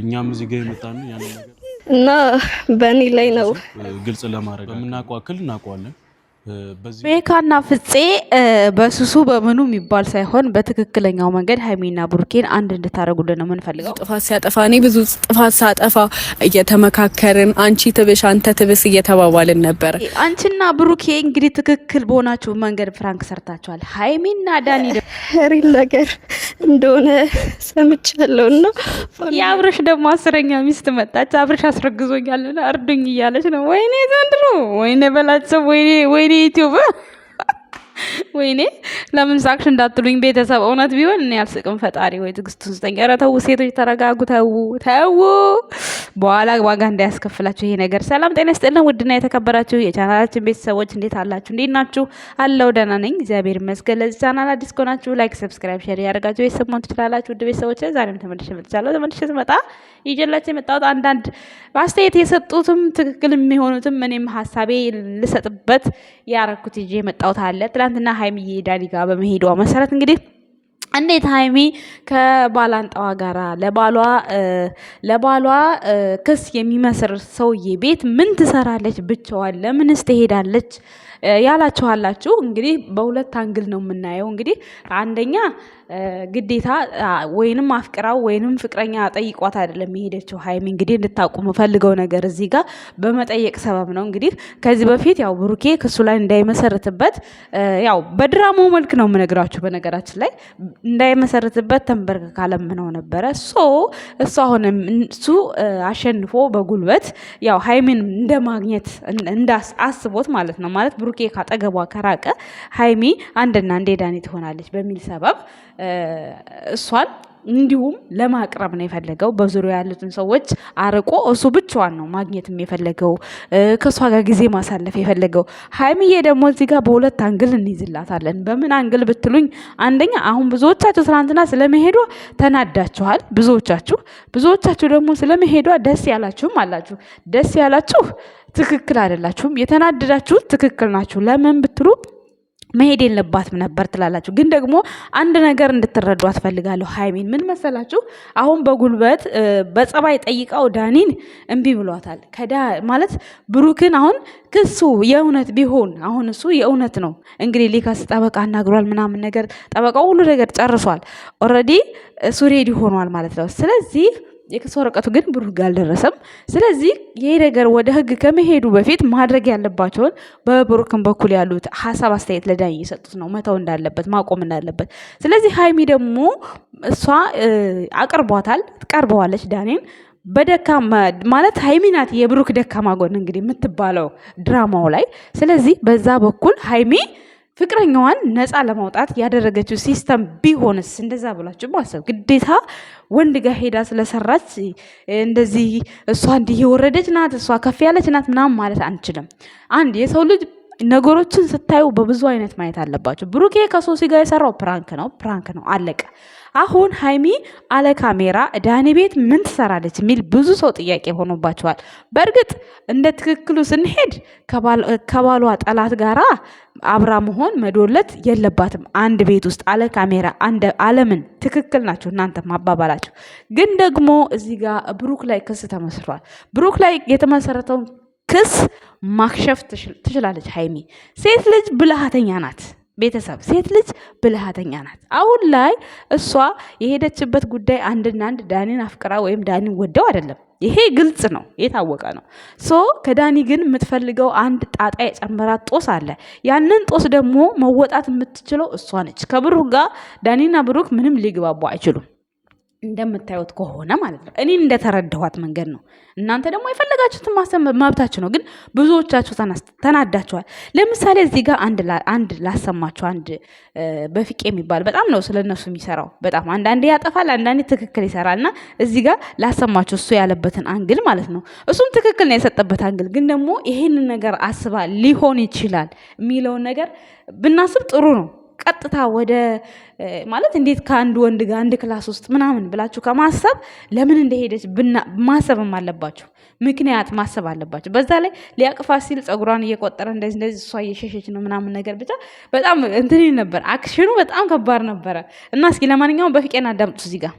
እኛም እዚህ ጋር የመጣነው ያንን ነገር እና በእኔ ላይ ነው ግልጽ ለማድረግ በምናውቀው አክል እናውቀዋለን። ሜካና ፍፄ በሱሱ በምኑ የሚባል ሳይሆን በትክክለኛው መንገድ ሀይሚና ቡርኬን አንድ እንድታደረጉልን ነው ምንፈልገው። ጥፋት ሲያጠፋ እኔ ብዙ ጥፋት ሳጠፋ እየተመካከርን አንቺ ትብሽ አንተ ትብስ እየተባባልን ነበር። አንቺና ብሩኬ እንግዲህ ትክክል በሆናችሁ መንገድ ፍራንክ ሰርታችኋል። ሀይሚና ዳኒ ሪል ነገር እንደሆነ ሰምቻለሁ። ና የአብረሽ ደግሞ አስረኛ ሚስት መጣች። አብረሽ አስረግዞኛል እርዱኝ እያለች ነው። ወይኔ ዘንድሮ ወይኔ በላቸው ወይኔ ወይኔ YouTube. ወይኔ ለምን ሳቅሽ እንዳትሉኝ ቤተሰብ። እውነት ቢሆን እኔ አልስቅም። ፈጣሪ ወይ ትዕግስቱን ስጠኝ። ኧረ ተው ሴቶች ተረጋጉ። ተው ተው፣ በኋላ ዋጋ እንዳያስከፍላችሁ ይሄ ነገር። ሰላም ጤና ስጥልን። ውድና የተከበራችሁ የቻናላችን ቤተሰቦች እንዴት አላችሁ? እንዴት ናችሁ? አለው ደህና ነኝ እግዚአብሔር ይመስገን። ለዚህ ቻናል አዲስ ከሆናችሁ ላይክ፣ ሰብስክራይብ፣ ሼር ያደርጋችሁ ቤተሰብ መሆን ትችላላችሁ። ውድ ቤተሰቦች ዛሬም ተመልሼ መጥቻለሁ። ተመልሼ ስመጣ ይዤላችሁ የመጣሁት አንዳንድ አስተያየት የሰጡትም ትክክል የሚሆኑትም እኔም ሀሳቤ ልሰጥበት ያረኩት ይዤ የመጣሁት አለ ትላንትና ሀይሚዬ ዳኒ ጋር በመሄዷ መሰረት እንግዲህ እንዴት ሀይሚ ከባላንጣዋ ጋር ለባሏ ለባሏ ክስ የሚመስር ሰውዬ ቤት ምን ትሰራለች? ብቻዋን ለምንስ ትሄዳለች? ያላችኋላችሁ። እንግዲህ በሁለት አንግል ነው የምናየው። እንግዲህ አንደኛ ግዴታ ወይንም አፍቅራው ወይንም ፍቅረኛ ጠይቋት አይደለም የሄደችው ሀይሚ። እንግዲህ እንድታውቁ የምፈልገው ነገር እዚህ ጋር በመጠየቅ ሰበብ ነው። እንግዲህ ከዚህ በፊት ያው ብሩኬ ክሱ ላይ እንዳይመሰርትበት ያው በድራማው መልክ ነው የምነግራችሁ። በነገራችን ላይ እንዳይመሰርትበት ተንበርክካ ለምነው ነበረ። ሶ እሱ አሁን እሱ አሸንፎ በጉልበት ያው ሀይሚን እንደማግኘት አስቦት ማለት ነው ማለት ብሩኬ ካጠገቧ ከራቀ ሀይሚ አንድና እንዴ ዳኒ ትሆናለች በሚል ሰበብ እሷን እንዲሁም ለማቅረብ ነው የፈለገው። በዙሪያ ያሉትን ሰዎች አርቆ እሱ ብቻዋን ነው ማግኘትም የፈለገው ከእሷ ጋር ጊዜ ማሳለፍ የፈለገው። ሀይሚዬ ደግሞ እዚህ ጋር በሁለት አንግል እንይዝላታለን። በምን አንግል ብትሉኝ፣ አንደኛ አሁን ብዙዎቻችሁ ትናንትና ስለመሄዷ ተናዳችኋል። ብዙዎቻችሁ ብዙዎቻችሁ ደግሞ ስለመሄዷ ደስ ያላችሁም አላችሁ። ደስ ያላችሁ ትክክል አይደላችሁም። የተናደዳችሁት ትክክል ናችሁ። ለምን ብትሉ መሄድ የለባትም ነበር ትላላችሁ። ግን ደግሞ አንድ ነገር እንድትረዱ አትፈልጋለሁ። ሀይሚን ምን መሰላችሁ? አሁን በጉልበት በጸባይ ጠይቀው ዳኒን እምቢ ብሏታል። ከዳ ማለት ብሩክን አሁን ክሱ የእውነት ቢሆን አሁን እሱ የእውነት ነው እንግዲህ ሊከስ ጠበቃ አናግሯል ምናምን ነገር ጠበቃው ሁሉ ነገር ጨርሷል። ኦልሬዲ እሱ ሬዲ ሆኗል ማለት ነው። ስለዚህ የክስ ወረቀቱ ግን ብሩህ ጋር አልደረሰም። ስለዚህ ይህ ነገር ወደ ህግ ከመሄዱ በፊት ማድረግ ያለባቸውን በብሩክን በኩል ያሉት ሀሳብ አስተያየት ለዳኝ እየሰጡት ነው መተው እንዳለበት ማቆም እንዳለበት። ስለዚህ ሀይሚ ደግሞ እሷ አቅርቧታል ቀርበዋለች ዳኔን በደካማ ማለት ሀይሚ ናት የብሩክ ደካማ ጎን እንግዲህ የምትባለው ድራማው ላይ። ስለዚህ በዛ በኩል ሀይሚ ፍቅረኛዋን ነፃ ለማውጣት ያደረገችው ሲስተም ቢሆንስ? እንደዛ ብላችሁ ማሰብ ግዴታ ወንድ ጋር ሄዳ ስለሰራች እንደዚህ እሷ እንዲህ የወረደች ናት፣ እሷ ከፍ ያለች ናት ምናምን ማለት አንችልም። አንድ የሰው ልጅ ነገሮችን ስታዩ በብዙ አይነት ማየት አለባቸው። ብሩኬ ከሶሲ ጋር የሰራው ፕራንክ ነው፣ ፕራንክ ነው አለቀ። አሁን ሀይሚ አለ ካሜራ ዳኒ ቤት ምን ትሰራለች የሚል ብዙ ሰው ጥያቄ ሆኖባቸዋል። በእርግጥ እንደ ትክክሉ ስንሄድ ከባሏ ጠላት ጋራ አብራ መሆን መዶለት የለባትም። አንድ ቤት ውስጥ አለ ካሜራ አለምን ትክክል ናቸው እናንተ ማባባላቸው። ግን ደግሞ እዚህ ጋር ብሩክ ላይ ክስ ተመስሯል ብሩክ ላይ የተመሰረተውን ክስ ማክሸፍ ትችላለች ሀይሚ። ሴት ልጅ ብልሃተኛ ናት። ቤተሰብ ሴት ልጅ ብልሃተኛ ናት። አሁን ላይ እሷ የሄደችበት ጉዳይ አንድና አንድ ዳኒን አፍቅራ ወይም ዳኒን ወደው አይደለም። ይሄ ግልጽ ነው፣ የታወቀ ነው። ሶ ከዳኒ ግን የምትፈልገው አንድ ጣጣ የጨመራት ጦስ አለ። ያንን ጦስ ደግሞ መወጣት የምትችለው እሷ ነች። ከብሩክ ጋር ዳኒና ብሩክ ምንም ሊግባቡ አይችሉም። እንደምታዩት ከሆነ ማለት ነው። እኔን እንደተረድኋት መንገድ ነው። እናንተ ደግሞ የፈለጋችሁትን ማሰብ መብታችሁ ነው። ግን ብዙዎቻችሁ ተናዳችኋል። ለምሳሌ እዚህ ጋር አንድ ላሰማችሁ። አንድ በፍቄ የሚባል በጣም ነው ስለ እነሱ የሚሰራው በጣም አንዳንዴ ያጠፋል፣ አንዳንዴ ትክክል ይሰራል። እና እዚህ ጋር ላሰማችሁ እሱ ያለበትን አንግል ማለት ነው። እሱም ትክክል ነው የሰጠበት አንግል። ግን ደግሞ ይሄንን ነገር አስባ ሊሆን ይችላል የሚለውን ነገር ብናስብ ጥሩ ነው። ቀጥታ ወደ ማለት እንዴት ከአንድ ወንድ ጋር አንድ ክላስ ውስጥ ምናምን ብላችሁ ከማሰብ ለምን እንደሄደች ማሰብም አለባችሁ። ምክንያት ማሰብ አለባችሁ። በዛ ላይ ሊያቅፋ ሲል ፀጉሯን እየቆጠረ እንደዚህ እንደዚህ እሷ እየሸሸች ነው ምናምን ነገር ብቻ በጣም እንትን ነበር። አክሽኑ በጣም ከባድ ነበረ እና እስኪ ለማንኛውም በፍቄን አዳምጡ እዚህ ጋር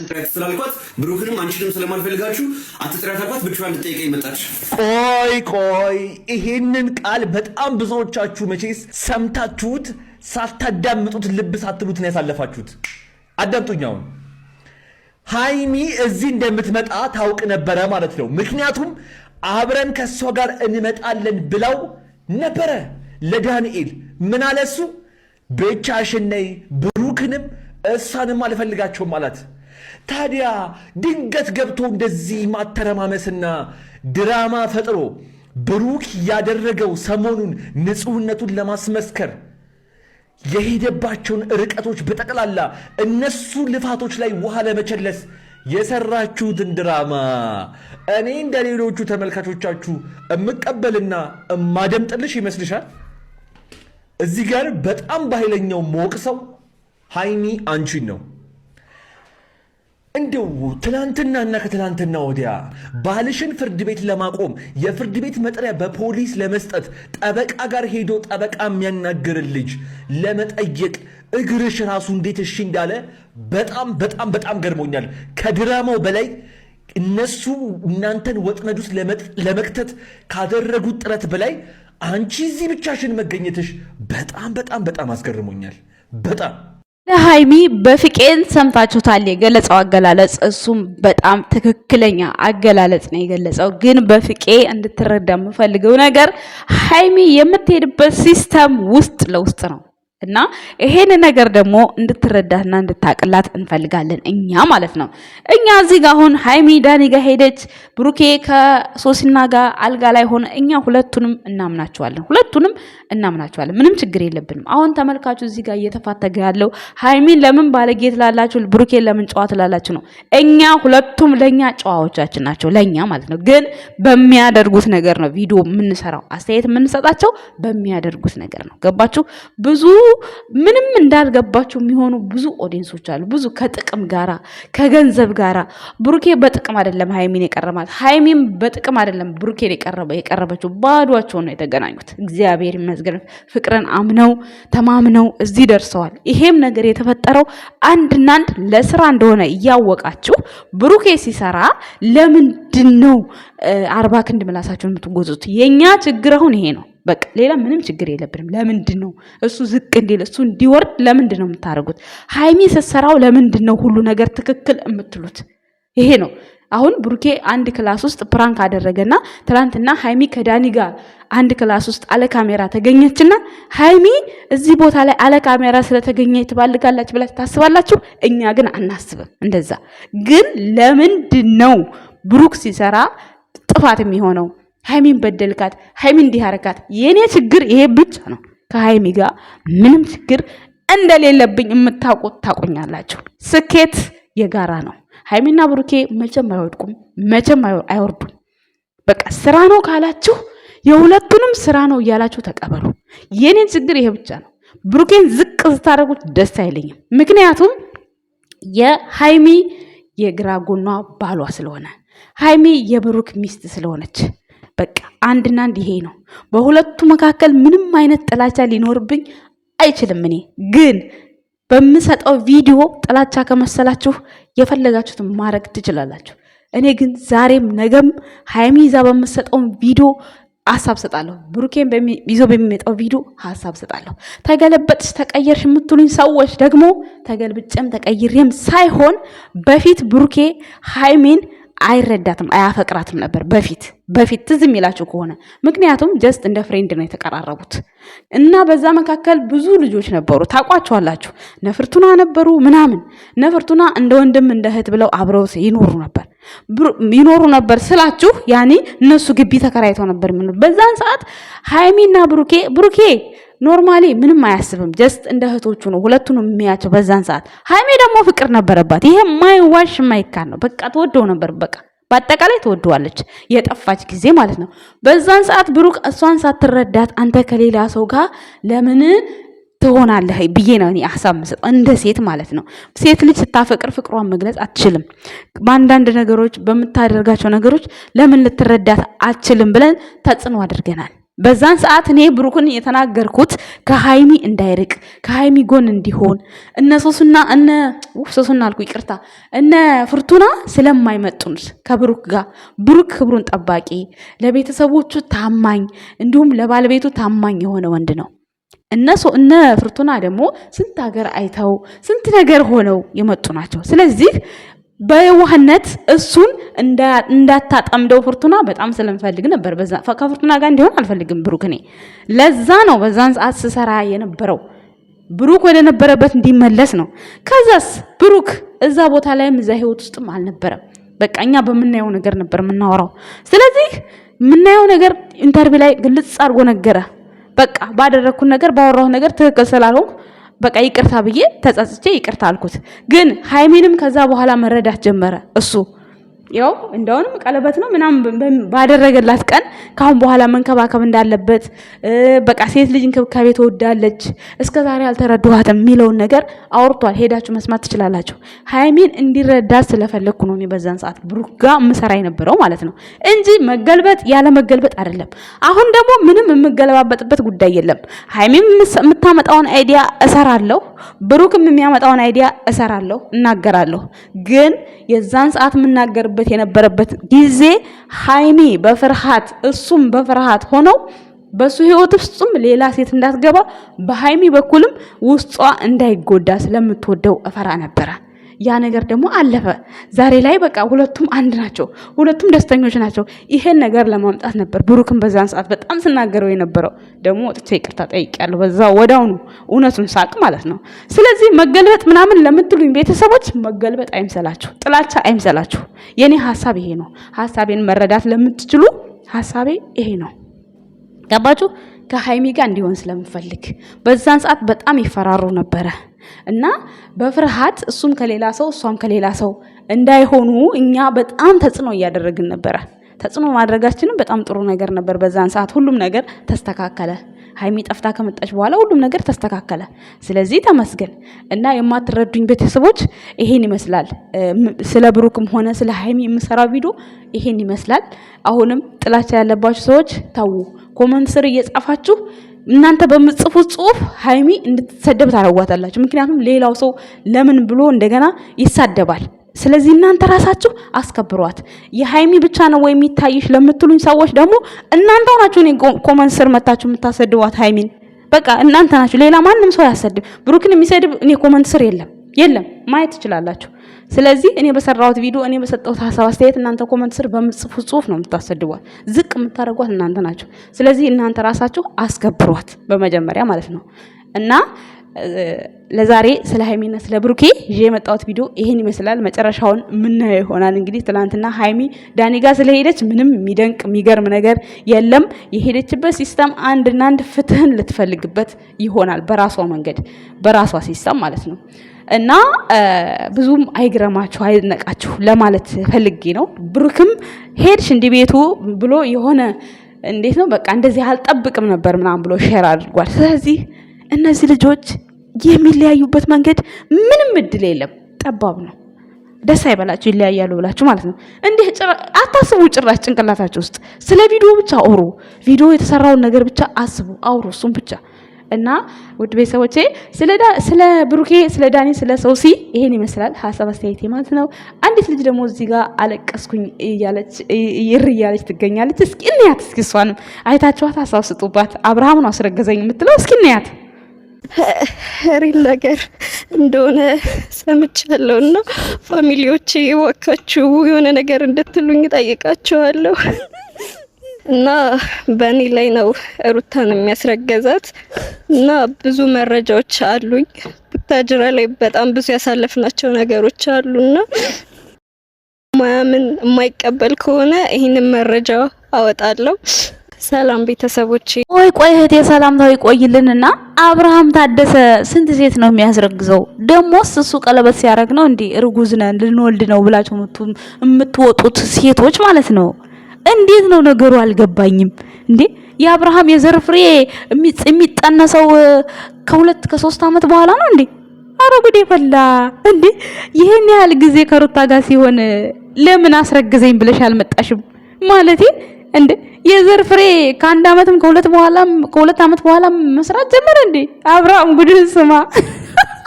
ትጥሪያት ስላልኳት ብሩክንም አንቺንም ስለማልፈልጋችሁ አትጥሪያት አልኳት። ብቻዋን ልትጠይቀኝ መጣች። ቆይ ቆይ፣ ይሄንን ቃል በጣም ብዙዎቻችሁ መቼስ ሰምታችሁት ሳታዳምጡት ልብ ሳትሉት ነው ያሳለፋችሁት። አዳምጡኝ። ሀይሚ እዚህ እንደምትመጣ ታውቅ ነበረ ማለት ነው። ምክንያቱም አብረን ከእሷ ጋር እንመጣለን ብለው ነበረ። ለዳንኤል ምን አለ እሱ? ብቻሽን ነይ ብሩክንም እሷንም አልፈልጋቸውም አላት። ታዲያ ድንገት ገብቶ እንደዚህ ማተረማመስና ድራማ ፈጥሮ ብሩክ ያደረገው ሰሞኑን ንጹህነቱን ለማስመስከር የሄደባቸውን ርቀቶች በጠቅላላ እነሱ ልፋቶች ላይ ውሃ ለመቸለስ የሰራችሁትን ድራማ እኔ እንደ ሌሎቹ ተመልካቾቻችሁ እምቀበልና እማደምጥልሽ ይመስልሻል? እዚህ ጋር በጣም በኃይለኛው ሰው ሃይሚ አንቺን ነው። እንደው ትላንትናና ከትላንትና ወዲያ ባልሽን ፍርድ ቤት ለማቆም የፍርድ ቤት መጥሪያ በፖሊስ ለመስጠት ጠበቃ ጋር ሄዶ ጠበቃ የሚያናግርን ልጅ ለመጠየቅ እግርሽ ራሱ እንዴት እሺ እንዳለ በጣም በጣም በጣም ገርሞኛል። ከድራማው በላይ እነሱ እናንተን ወጥመድ ውስጥ ለመክተት ካደረጉት ጥረት በላይ አንቺ እዚህ ብቻሽን መገኘትሽ በጣም በጣም በጣም አስገርሞኛል። በጣም ሀይሚ በፍቄን ሰምታችሁታል። የገለጸው አገላለጽ እሱም በጣም ትክክለኛ አገላለጽ ነው የገለጸው። ግን በፍቄ እንድትረዳ የምፈልገው ነገር ሀይሚ የምትሄድበት ሲስተም ውስጥ ለውስጥ ነው እና ይሄን ነገር ደግሞ እንድትረዳትና እንድታቅላት እንፈልጋለን እኛ ማለት ነው። እኛ እዚህ ጋር አሁን ሀይሚ ዳኒ ጋር ሄደች፣ ብሩኬ ከሶሲና ጋር አልጋ ላይ ሆነ፣ እኛ ሁለቱንም እናምናቸዋለን፣ ሁለቱንም እናምናቸዋለን። ምንም ችግር የለብንም። አሁን ተመልካቹ እዚህ ጋር እየተፋተገ ያለው ሀይሚን ለምን ባለጌ ትላላችሁ፣ ብሩኬን ለምን ጨዋ ትላላችሁ ነው። እኛ ሁለቱም ለእኛ ጨዋዎቻችን ናቸው፣ ለእኛ ማለት ነው። ግን በሚያደርጉት ነገር ነው ቪዲዮ የምንሰራው፣ አስተያየት የምንሰጣቸው በሚያደርጉት ነገር ነው። ገባችሁ ብዙ ምንም እንዳልገባቸው የሚሆኑ ብዙ ኦዲንሶች አሉ። ብዙ ከጥቅም ጋራ ከገንዘብ ጋራ ብሩኬ በጥቅም አይደለም ሀይሚን የቀረማት፣ ሀይሚን በጥቅም አይደለም ብሩኬን የቀረበችው። ባዷቸውን ነው የተገናኙት። እግዚአብሔር ይመስገን ፍቅርን አምነው ተማምነው እዚህ ደርሰዋል። ይሄም ነገር የተፈጠረው አንድና አንድ ለስራ እንደሆነ እያወቃችሁ ብሩኬ ሲሰራ ለምንድን ነው አርባ ክንድ ምላሳችሁን የምትጎዙት? የእኛ ችግር አሁን ይሄ ነው። በቃ ሌላ ምንም ችግር የለብንም። ለምንድን ነው እሱ ዝቅ እንዲል እሱ እንዲወርድ ለምንድን ነው የምታደርጉት? ሀይሚ ስትሰራው ለምንድን ነው ሁሉ ነገር ትክክል የምትሉት? ይሄ ነው አሁን ብሩኬ አንድ ክላስ ውስጥ ፕራንክ አደረገና ትናንትና ሀይሚ ከዳኒ ጋር አንድ ክላስ ውስጥ አለ ካሜራ ተገኘችና ሀይሚ እዚህ ቦታ ላይ አለ ካሜራ ስለተገኘ ትባልጋላችሁ ብላችሁ ታስባላችሁ። እኛ ግን አናስብም እንደዛ። ግን ለምንድን ነው ብሩክ ሲሰራ ጥፋት የሚሆነው? ሀይሚን በደልካት፣ ሀይሚን እንዲህ አረካት። የእኔ ችግር ይሄ ብቻ ነው። ከሀይሚ ጋር ምንም ችግር እንደሌለብኝ የምታውቁት ታቆኛላችሁ። ስኬት የጋራ ነው። ሀይሚና ብሩኬ መቼም አይወድቁም፣ መቼም አይወርዱም። በቃ ስራ ነው ካላችሁ የሁለቱንም ስራ ነው እያላችሁ ተቀበሉ። የኔን ችግር ይሄ ብቻ ነው። ብሩኬን ዝቅ ስታደርጉት ደስ አይለኝም። ምክንያቱም የሀይሚ የግራ ጎኗ ባሏ ስለሆነ ሀይሚ የብሩክ ሚስት ስለሆነች በቃ አንድና አንድ ይሄ ነው። በሁለቱ መካከል ምንም አይነት ጥላቻ ሊኖርብኝ አይችልም። እኔ ግን በምሰጠው ቪዲዮ ጥላቻ ከመሰላችሁ የፈለጋችሁትን ማድረግ ትችላላችሁ። እኔ ግን ዛሬም ነገም ሀይሚ ይዛ በምሰጠውን ቪዲዮ ሀሳብ ሰጣለሁ። ብሩኬን ይዞ በሚመጣው ቪዲዮ ሀሳብ ሰጣለሁ። ተገለበጥሽ ተቀየርሽ የምትሉኝ ሰዎች ደግሞ ተገልብጨም ተቀይሬም ሳይሆን በፊት ብሩኬ ሀይሜን አይረዳትም አያፈቅራትም ነበር በፊት በፊት ትዝ የሚላችሁ ከሆነ ምክንያቱም ጀስት እንደ ፍሬንድ ነው የተቀራረቡት እና በዛ መካከል ብዙ ልጆች ነበሩ ታውቋቸዋላችሁ ነፍርቱና ነበሩ ምናምን ነፍርቱና እንደ ወንድም እንደ እህት ብለው አብረው ይኖሩ ነበር ይኖሩ ነበር ስላችሁ ያኔ እነሱ ግቢ ተከራይተው ነበር የሚኖሩ በዛን ሰዓት ሀይሚና ብሩኬ ብሩኬ ኖርማሊ ምንም አያስብም። ጀስት እንደ እህቶቹ ነው ሁለቱን የሚያቸው በዛን ሰዓት። ሀይሜ ደግሞ ፍቅር ነበረባት። ይሄ ማይዋሽ ማይካድ ነው። በቃ ትወደው ነበር። በቃ በአጠቃላይ ትወደዋለች፣ የጠፋች ጊዜ ማለት ነው። በዛን ሰዓት ብሩክ እሷን ሳትረዳት አንተ ከሌላ ሰው ጋር ለምን ትሆናለህ ብዬ ነው እኔ ሀሳብ የምሰጠው፣ እንደ ሴት ማለት ነው። ሴት ልጅ ስታፈቅር ፍቅሯን መግለጽ አትችልም። በአንዳንድ ነገሮች፣ በምታደርጋቸው ነገሮች ለምን ልትረዳት አትችልም ብለን ተጽዕኖ አድርገናል። በዛን ሰዓት እኔ ብሩክን የተናገርኩት ከሀይሚ እንዳይርቅ ከሃይሚ ጎን እንዲሆን እነ ሶሱና እነ ሶሱና አልኩ ይቅርታ፣ እነ ፍርቱና ስለማይመጡን ከብሩክ ጋር ብሩክ ክብሩን ጠባቂ፣ ለቤተሰቦቹ ታማኝ እንዲሁም ለባለቤቱ ታማኝ የሆነ ወንድ ነው። እነ እነ ፍርቱና ደግሞ ስንት ሀገር አይተው ስንት ነገር ሆነው የመጡ ናቸው። ስለዚህ በየዋህነት እሱን እንዳታጠምደው ፍርቱና በጣም ስለምፈልግ ነበር። ከፍርቱና ጋር እንዲሆን አልፈልግም ብሩክ። እኔ ለዛ ነው በዛን ሰዓት ስሰራ የነበረው ብሩክ ወደ ነበረበት እንዲመለስ ነው። ከዛስ ብሩክ እዛ ቦታ ላይም እዛ ህይወት ውስጥም አልነበረም። በቃ እኛ በምናየው ነገር ነበር የምናወራው። ስለዚህ የምናየው ነገር ኢንተርቪው ላይ ግልጽ አድርጎ ነገረ። በቃ ባደረግኩን ነገር ባወራሁ ነገር ትክክል ስላልሆንኩ በቃ ይቅርታ ብዬ ተጸጽቼ ይቅርታ አልኩት። ግን ሀይሚንም ከዛ በኋላ መረዳት ጀመረ እሱ ያው እንደውንም ቀለበት ነው ምናምን ባደረገላት ቀን ካሁን በኋላ መንከባከብ እንዳለበት በቃ ሴት ልጅ እንክብካቤ ትወዳለች፣ እስከ ዛሬ አልተረድኋትም የሚለውን ነገር አውርቷል። ሄዳችሁ መስማት ትችላላችሁ። ሀይሜን እንዲረዳት ስለፈለግኩ ነው እኔ በዛን ሰዓት ብሩክ ጋር ምሰራ የነበረው ማለት ነው እንጂ መገልበጥ ያለ መገልበጥ አይደለም። አሁን ደግሞ ምንም የምገለባበጥበት ጉዳይ የለም። ሀይሚም የምታመጣውን አይዲያ እሰራለሁ፣ ብሩክም የሚያመጣውን አይዲያ እሰራለሁ፣ እናገራለሁ። ግን የዛን ሰዓት የምናገርበት ሲያለቅሱበት የነበረበት ጊዜ ሀይሚ በፍርሃት እሱም በፍርሃት ሆነው በሱ ህይወት ውስጥም ሌላ ሴት እንዳትገባ በሀይሚ በኩልም ውስጧ እንዳይጎዳ ስለምትወደው እፈራ ነበረ። ያ ነገር ደግሞ አለፈ። ዛሬ ላይ በቃ ሁለቱም አንድ ናቸው፣ ሁለቱም ደስተኞች ናቸው። ይሄን ነገር ለማምጣት ነበር ብሩክን በዛን ሰዓት በጣም ስናገረው የነበረው። ደግሞ ወጥቼ ይቅርታ ጠይቄያለሁ፣ በዛ ወዳውኑ እውነቱን ሳቅ ማለት ነው። ስለዚህ መገልበጥ ምናምን ለምትሉኝ ቤተሰቦች መገልበጥ አይምሰላችሁ፣ ጥላቻ አይምሰላችሁ። የኔ ሀሳብ ይሄ ነው። ሀሳቤን መረዳት ለምትችሉ ሀሳቤ ይሄ ነው። ገባችሁ? ከሀይሚ ጋር እንዲሆን ስለምፈልግ በዛን ሰዓት በጣም ይፈራሩ ነበረ እና በፍርሃት እሱም ከሌላ ሰው እሷም ከሌላ ሰው እንዳይሆኑ እኛ በጣም ተጽዕኖ እያደረግን ነበረ። ተጽዕኖ ማድረጋችንም በጣም ጥሩ ነገር ነበር። በዛን ሰዓት ሁሉም ነገር ተስተካከለ። ሀይሚ ጠፍታ ከመጣች በኋላ ሁሉም ነገር ተስተካከለ። ስለዚህ ተመስገን እና የማትረዱኝ ቤተሰቦች ይሄን ይመስላል። ስለ ብሩክም ሆነ ስለ ሀይሚ የምሰራ ቪዲዮ ይሄን ይመስላል። አሁንም ጥላቻ ያለባችሁ ሰዎች ተዉ። ኮመንት ስር እየጻፋችሁ እናንተ በምጽፉት ጽሁፍ ሀይሚ እንድትሰደብ ታረጓታላችሁ። ምክንያቱም ሌላው ሰው ለምን ብሎ እንደገና ይሳደባል። ስለዚህ እናንተ ራሳችሁ አስከብሯት። የሀይሚ ብቻ ነው ወይ የሚታይሽ ለምትሉኝ ሰዎች ደግሞ እናንተው ናችሁ ኮመንት ስር መታችሁ የምታሰድቧት ሀይሚን። በቃ እናንተ ናችሁ፣ ሌላ ማንም ሰው ያሰድብ። ብሩክን የሚሰድብ እኔ ኮመንት ስር የለም የለም፣ ማየት ትችላላችሁ። ስለዚህ እኔ በሰራሁት ቪዲዮ እኔ በሰጠሁት ሀሳብ አስተያየት እናንተ ኮመንት ስር በምጽፉ ጽሁፍ ነው የምታሰድቧት፣ ዝቅ የምታደርጓት እናንተ ናቸው። ስለዚህ እናንተ ራሳችሁ አስከብሯት በመጀመሪያ ማለት ነው እና ለዛሬ ስለ ሀይሚና ስለ ብሩኬ ይዤ የመጣሁት ቪዲዮ ይሄን ይመስላል። መጨረሻውን የምናየው ይሆናል። እንግዲህ ትናንትና ሀይሚ ዳኒ ጋር ስለሄደች ምንም የሚደንቅ የሚገርም ነገር የለም። የሄደችበት ሲስተም አንድና አንድ ፍትህን ልትፈልግበት ይሆናል፣ በራሷ መንገድ በራሷ ሲስተም ማለት ነው። እና ብዙም አይግረማችሁ አይነቃችሁ ለማለት ፈልጌ ነው። ብሩክም ሄድሽ እንዲህ ቤቱ ብሎ የሆነ እንዴት ነው በቃ እንደዚህ አልጠብቅም ነበር ምናምን ብሎ ሼር አድርጓል። ስለዚህ እነዚህ ልጆች የሚለያዩበት መንገድ ምንም እድል የለም፣ ጠባብ ነው። ደስ አይበላችሁ ይለያያሉ ብላችሁ ማለት ነው። እንዲህ አታስቡ፣ ጭራሽ ጭንቅላታችሁ ውስጥ ስለ ቪዲዮ ብቻ አውሩ። ቪዲዮ የተሰራውን ነገር ብቻ አስቡ፣ አውሩ፣ እሱም ብቻ እና ውድ ቤተሰቦቼ ስለ ብሩኬ፣ ስለ ዳኒ፣ ስለ ሰውሲ ይሄን ይመስላል ሀሳብ አስተያየቴ ማለት ነው። አንዲት ልጅ ደግሞ እዚህ ጋር አለቀስኩኝ ይር እያለች ትገኛለች። እስኪ እንያት፣ እስኪ እሷንም አይታችኋት ሀሳብ ስጡባት። አብርሃም አስረገዘኝ የምትለው እስኪ እንያት። ሪል ነገር እንደሆነ ሰምቻለሁ እና ፋሚሊዎቼ እባካችሁ የሆነ ነገር እንድትሉኝ ጠይቃቸዋለሁ። እና በእኔ ላይ ነው ሩታን የሚያስረገዛት እና ብዙ መረጃዎች አሉኝ። ቡታጅራ ላይ በጣም ብዙ ያሳለፍናቸው ነገሮች አሉና ማያምን የማይቀበል ከሆነ ይህንን መረጃ አወጣለሁ። ሰላም ቤተሰቦቼ። ቆይ ቆይ እህቴ ሰላምታዊ እና አብርሃም ታደሰ ስንት ሴት ነው የሚያስረግዘው? ደሞስ እሱ ቀለበት ሲያደርግ ነው እንዲህ እርጉዝ ነን ልንወልድ ነው ብላችሁ የምትወጡት ሴቶች ማለት ነው እንዴት ነው ነገሩ? አልገባኝም። እንዴ የአብርሃም የዘር ፍሬ የሚጠነሰው ከሁለት ከሶስት ዓመት በኋላ ነው እንዴ? አረ ጉዴ ፈላ እንዴ! ይሄን ያህል ጊዜ ከሩታ ጋር ሲሆን ለምን አስረግዘኝ ብለሽ አልመጣሽም? ማለት እንዴ የዘር ፍሬ ከአንድ ዓመትም ከሁለት በኋላም ከሁለት ዓመት በኋላ መስራት ጀመረ እንዴ? አብርሃም ጉድን ስማ።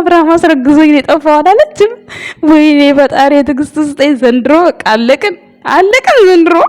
አብርሃም አስረግዞኝ የጠፋው አላለችም። ወይኔ ፈጣሪ የትዕግስት ስጠኝ። ዘንድሮ በቃ አለቅን አለቅን ዘንድሮ